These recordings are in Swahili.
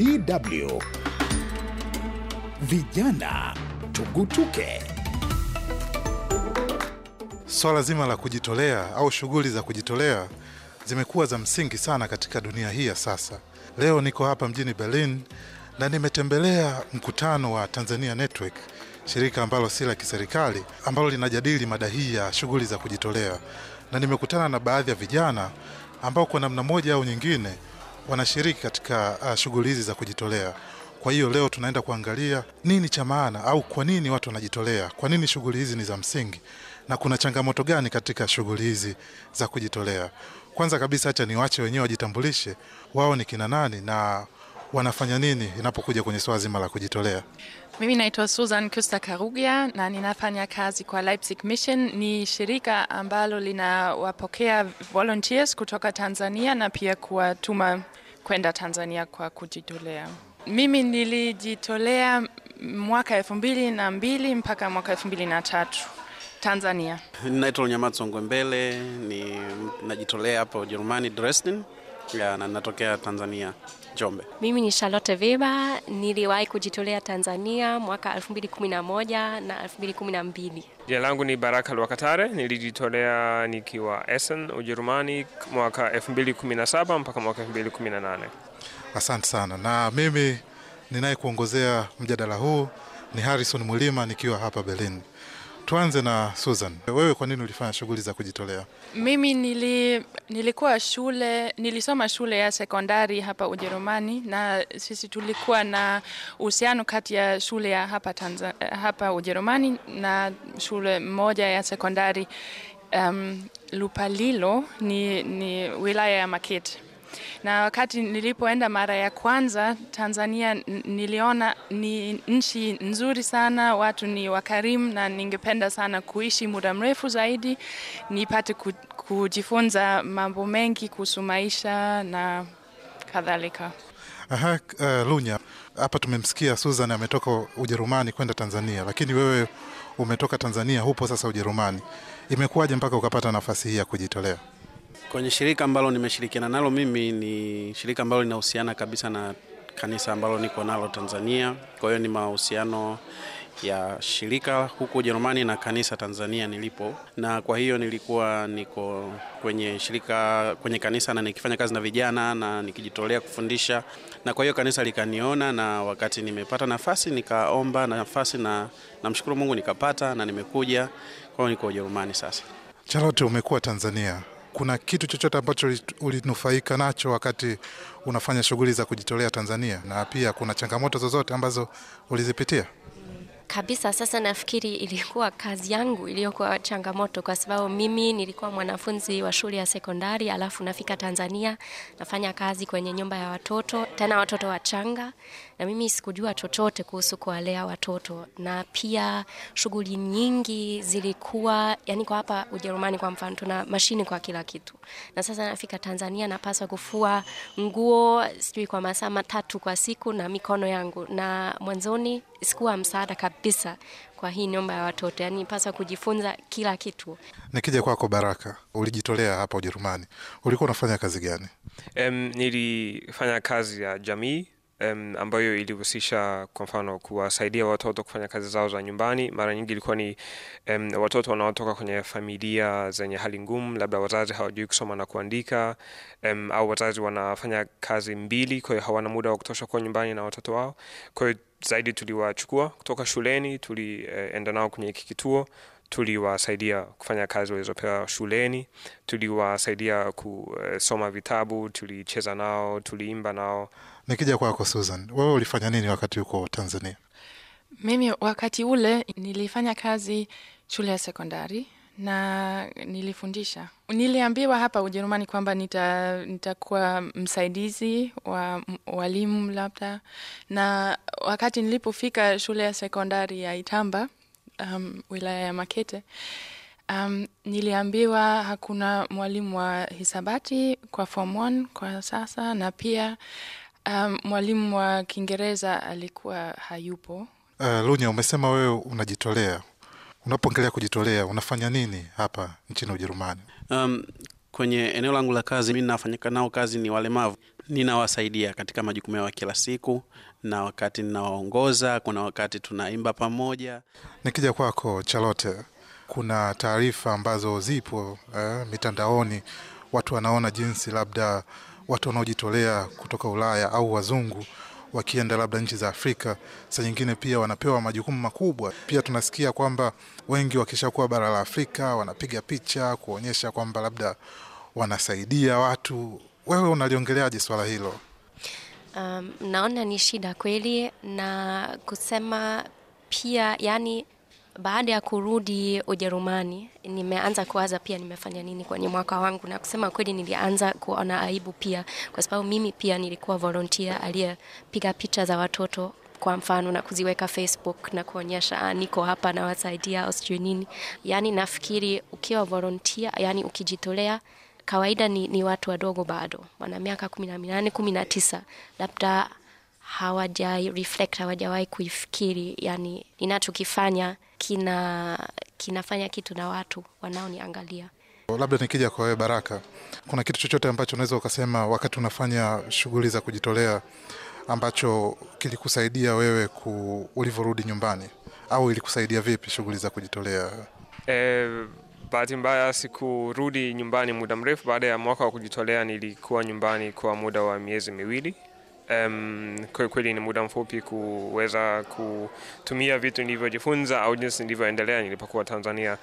DW. Vijana tugutuke. Swala zima la kujitolea au shughuli za kujitolea zimekuwa za msingi sana katika dunia hii ya sasa. Leo niko hapa mjini Berlin na nimetembelea mkutano wa Tanzania Network, shirika ambalo si la kiserikali ambalo linajadili mada hii ya shughuli za kujitolea, na nimekutana na baadhi ya vijana ambao kwa namna moja au nyingine wanashiriki katika uh, shughuli hizi za kujitolea. Kwa hiyo leo tunaenda kuangalia nini cha maana au kwa nini watu wanajitolea, kwa nini shughuli hizi ni za msingi na kuna changamoto gani katika shughuli hizi za kujitolea. Kwanza kabisa, acha niwache wenyewe wajitambulishe, wao ni kina nani na wanafanya nini inapokuja kwenye swala zima la kujitolea? Mimi naitwa Susan Kusta Karugia na ninafanya kazi kwa Leipzig Mission. Ni shirika ambalo linawapokea volunteers kutoka Tanzania na pia kuwatuma kwenda Tanzania kwa kujitolea. Mimi nilijitolea mwaka elfu mbili na mbili mpaka mwaka elfu mbili na tatu Tanzania. Ninaitwa Unyamatso Ngwembele, ni najitolea hapa Ujerumani Dresden, na natokea Tanzania. Jombe. Mimi ni Charlotte Veba, niliwahi kujitolea Tanzania mwaka 2011 na 2012. Jina langu ni Baraka Lwakatare, nilijitolea nikiwa Essen, Ujerumani mwaka 2017 mpaka mwaka 2018. Asante sana. Na mimi ninayekuongozea mjadala huu ni Harrison Mulima nikiwa hapa Berlin. Tuanze na Susan, wewe kwa nini ulifanya shughuli za kujitolea? Mimi nili, nilikuwa shule, nilisoma shule ya sekondari hapa Ujerumani, na sisi tulikuwa na uhusiano kati ya shule ya hapa, Tanzania, hapa Ujerumani na shule moja ya sekondari um, Lupalilo ni, ni wilaya ya Makete na wakati nilipoenda mara ya kwanza Tanzania, niliona ni nchi nzuri sana, watu ni wakarimu, na ningependa sana kuishi muda mrefu zaidi, nipate kujifunza mambo mengi kuhusu maisha na kadhalika. Aha, uh, Lunya, hapa tumemsikia Susan ametoka Ujerumani kwenda Tanzania, lakini wewe umetoka Tanzania, hupo sasa Ujerumani. Imekuwaje mpaka ukapata nafasi hii ya kujitolea? Kwenye shirika ambalo nimeshirikiana nalo mimi ni shirika ambalo linahusiana kabisa na kanisa ambalo niko nalo Tanzania. Kwa hiyo ni mahusiano ya shirika huku Ujerumani na kanisa Tanzania nilipo, na kwa hiyo nilikuwa niko kwenye shirika kwenye kanisa na nikifanya kazi na vijana na nikijitolea kufundisha, na kwa hiyo kanisa likaniona, na wakati nimepata nafasi nikaomba nafasi na namshukuru Mungu nikapata na nimekuja. Kwa hiyo niko Ujerumani sasa. Charlotte, umekuwa Tanzania kuna kitu chochote ambacho ulinufaika nacho wakati unafanya shughuli za kujitolea Tanzania, na pia kuna changamoto zozote ambazo ulizipitia? Kabisa. Sasa nafikiri ilikuwa kazi yangu iliyokuwa changamoto, kwa sababu mimi nilikuwa mwanafunzi wa shule ya sekondari, alafu nafika Tanzania nafanya kazi kwenye nyumba ya watoto, tena watoto wachanga na mimi sikujua chochote kuhusu kuwalea watoto, na pia shughuli nyingi zilikuwa yani, kwa hapa Ujerumani kwa mfano tuna mashine kwa kila kitu, na sasa nafika Tanzania napaswa kufua nguo sijui kwa masaa matatu kwa siku na mikono yangu, na mwanzoni sikuwa msaada kabisa kwa hii nyumba ya watoto yani, paswa kujifunza kila kitu. Nikija kwako Baraka, ulijitolea hapa Ujerumani, ulikuwa unafanya kazi gani? Um, nilifanya kazi ya jamii um, ambayo ilihusisha kwa mfano kuwasaidia watoto kufanya kazi zao za nyumbani. Mara nyingi ilikuwa ni um, watoto wanaotoka kwenye familia zenye hali ngumu, labda wazazi hawajui kusoma na kuandika um, au wazazi wanafanya kazi mbili, kwahiyo hawana muda wa kutosha kuwa nyumbani na watoto wao. kwahiyo zaidi tuliwachukua kutoka shuleni, tulienda uh, nao kwenye hiki kituo tuliwasaidia kufanya kazi walizopewa shuleni, tuliwasaidia kusoma vitabu, tulicheza nao, tuliimba nao. Nikija kwako Susan, wewe ulifanya nini wakati huko Tanzania? Mimi wakati ule nilifanya kazi shule ya sekondari na nilifundisha. Niliambiwa hapa Ujerumani kwamba nitakuwa nita msaidizi wa walimu labda, na wakati nilipofika shule ya sekondari ya Itamba um, wilaya ya Makete. Um, niliambiwa hakuna mwalimu wa hisabati kwa form 1 kwa sasa na pia um, mwalimu wa Kiingereza alikuwa hayupo. Uh, Lunya, umesema wewe unajitolea. Unapoongelea kujitolea, unafanya nini hapa nchini Ujerumani? Um, kwenye eneo langu la kazi mi nafanyika nao kazi ni walemavu ninawasaidia katika majukumu yao kila siku, na wakati ninawaongoza, kuna wakati tunaimba pamoja. Nikija kwako charlote kuna taarifa ambazo zipo eh, mitandaoni, watu wanaona jinsi labda watu wanaojitolea kutoka Ulaya au wazungu wakienda labda nchi za Afrika, sa nyingine pia wanapewa majukumu makubwa. Pia tunasikia kwamba wengi wakishakuwa bara la Afrika wanapiga picha kuonyesha kwamba labda wanasaidia watu wewe unaliongeleaje swala hilo? Um, naona ni shida kweli na kusema pia, yani baada ya kurudi Ujerumani nimeanza kuwaza pia nimefanya nini kwenye mwaka wangu, na kusema kweli nilianza kuona aibu pia, kwa sababu mimi pia nilikuwa volunteer aliyepiga picha za watoto kwa mfano na kuziweka Facebook na kuonyesha ah, niko hapa nawasaidia au sijui nini. Yani nafikiri ukiwa volunteer, yani ukijitolea kawaida ni, ni watu wadogo bado wana miaka kumi na minane kumi na tisa labda hawaja reflect hawajawahi kuifikiri yani ninachokifanya kina kinafanya kitu na watu wanaoniangalia labda nikija kwa wewe baraka kuna kitu chochote ambacho unaweza ukasema wakati unafanya shughuli za kujitolea ambacho kilikusaidia wewe ku, ulivyorudi nyumbani au ilikusaidia vipi shughuli za kujitolea eh Bahati mbaya sikurudi nyumbani muda mrefu. Baada ya mwaka wa kujitolea, nilikuwa nyumbani kwa muda wa miezi miwili. Um, kwa kweli ni muda mfupi kuweza kutumia vitu nilivyojifunza au jinsi nilivyoendelea nilipokuwa Tanzania.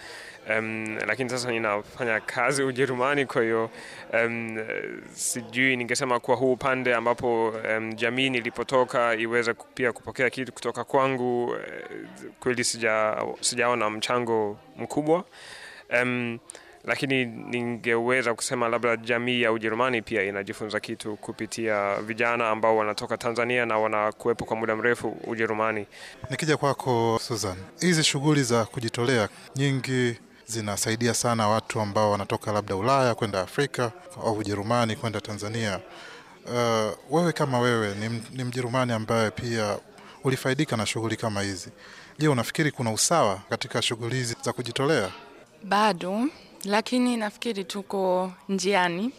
Um, lakini sasa ninafanya kazi Ujerumani, kwa hiyo um, sijui ningesema kwa huu upande ambapo um, jamii nilipotoka iweze pia kupokea kitu kutoka kwangu, eh, kweli sija, sijaona mchango mkubwa um, lakini ningeweza kusema labda jamii ya Ujerumani pia inajifunza kitu kupitia vijana ambao wanatoka Tanzania na wanakuwepo kwa muda mrefu Ujerumani. Nikija kwako Susan, hizi shughuli za kujitolea nyingi zinasaidia sana watu ambao wanatoka labda Ulaya kwenda Afrika au Ujerumani kwenda Tanzania. Uh, wewe kama wewe ni, ni Mjerumani ambaye pia ulifaidika na shughuli kama hizi, je, unafikiri kuna usawa katika shughuli hizi za kujitolea? Bado, lakini nafikiri tuko njiani.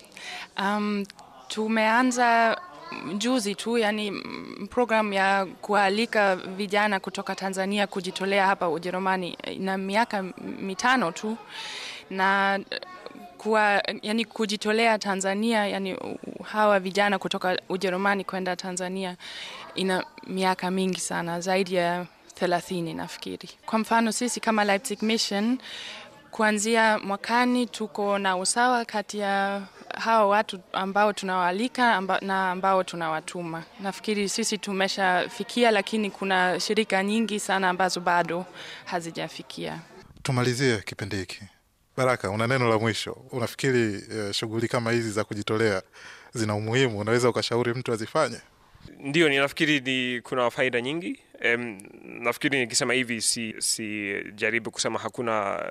Um, tumeanza juzi tu, yani mm, program ya kualika vijana kutoka Tanzania kujitolea hapa Ujerumani eh, na miaka mitano tu na eh, kuwa, yani kujitolea Tanzania, yani hawa vijana kutoka Ujerumani kwenda Tanzania ina miaka mingi sana, zaidi ya thelathini nafikiri. Kwa mfano sisi kama Leipzig Mission kuanzia mwakani tuko na usawa kati ya hao watu ambao tunawaalika amba, na ambao tunawatuma. Nafikiri sisi tumeshafikia, lakini kuna shirika nyingi sana ambazo bado hazijafikia. Tumalizie kipindi hiki. Baraka, una neno la mwisho? Unafikiri uh, shughuli kama hizi za kujitolea zina umuhimu? Unaweza ukashauri mtu azifanye? Ndio, ninafikiri ni kuna faida nyingi Em, nafikiri nikisema hivi sijaribu si kusema hakuna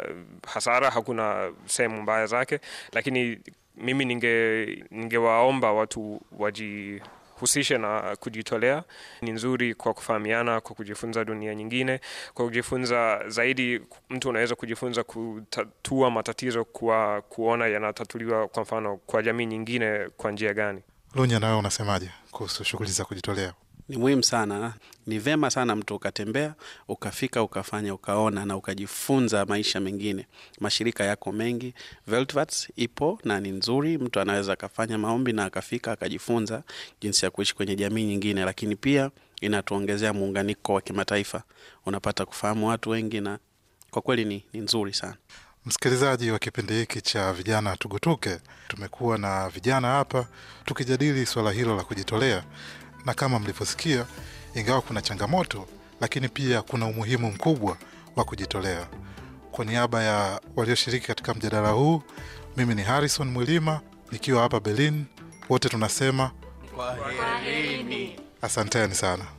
hasara, hakuna sehemu mbaya zake, lakini mimi ningewaomba ninge watu wajihusishe na kujitolea. Ni nzuri kwa kufahamiana, kwa kujifunza dunia nyingine, kwa kujifunza zaidi. Mtu unaweza kujifunza kutatua matatizo kwa kuona yanatatuliwa, kwa mfano kwa jamii nyingine, kwa njia gani. Lunya, nawe unasemaje kuhusu shughuli za kujitolea? ni muhimu sana. Ni vema sana mtu ukatembea, ukafika, ukafanya, ukaona na ukajifunza maisha mengine. Mashirika yako mengi, Veltvats ipo na ni nzuri, mtu anaweza akafanya maombi na akafika akajifunza jinsi ya kuishi kwenye jamii nyingine, lakini pia inatuongezea muunganiko wa kimataifa, unapata kufahamu watu wengi, na kwa kweli ni, ni nzuri sana. Msikilizaji wa kipindi hiki cha vijana tugutuke, tumekuwa na vijana hapa tukijadili swala hilo la kujitolea na kama mlivyosikia, ingawa kuna changamoto, lakini pia kuna umuhimu mkubwa wa kujitolea. Kwa niaba ya walioshiriki katika mjadala huu, mimi ni Harrison Mwilima nikiwa hapa Berlin. Wote tunasema kwaherini, asanteni sana.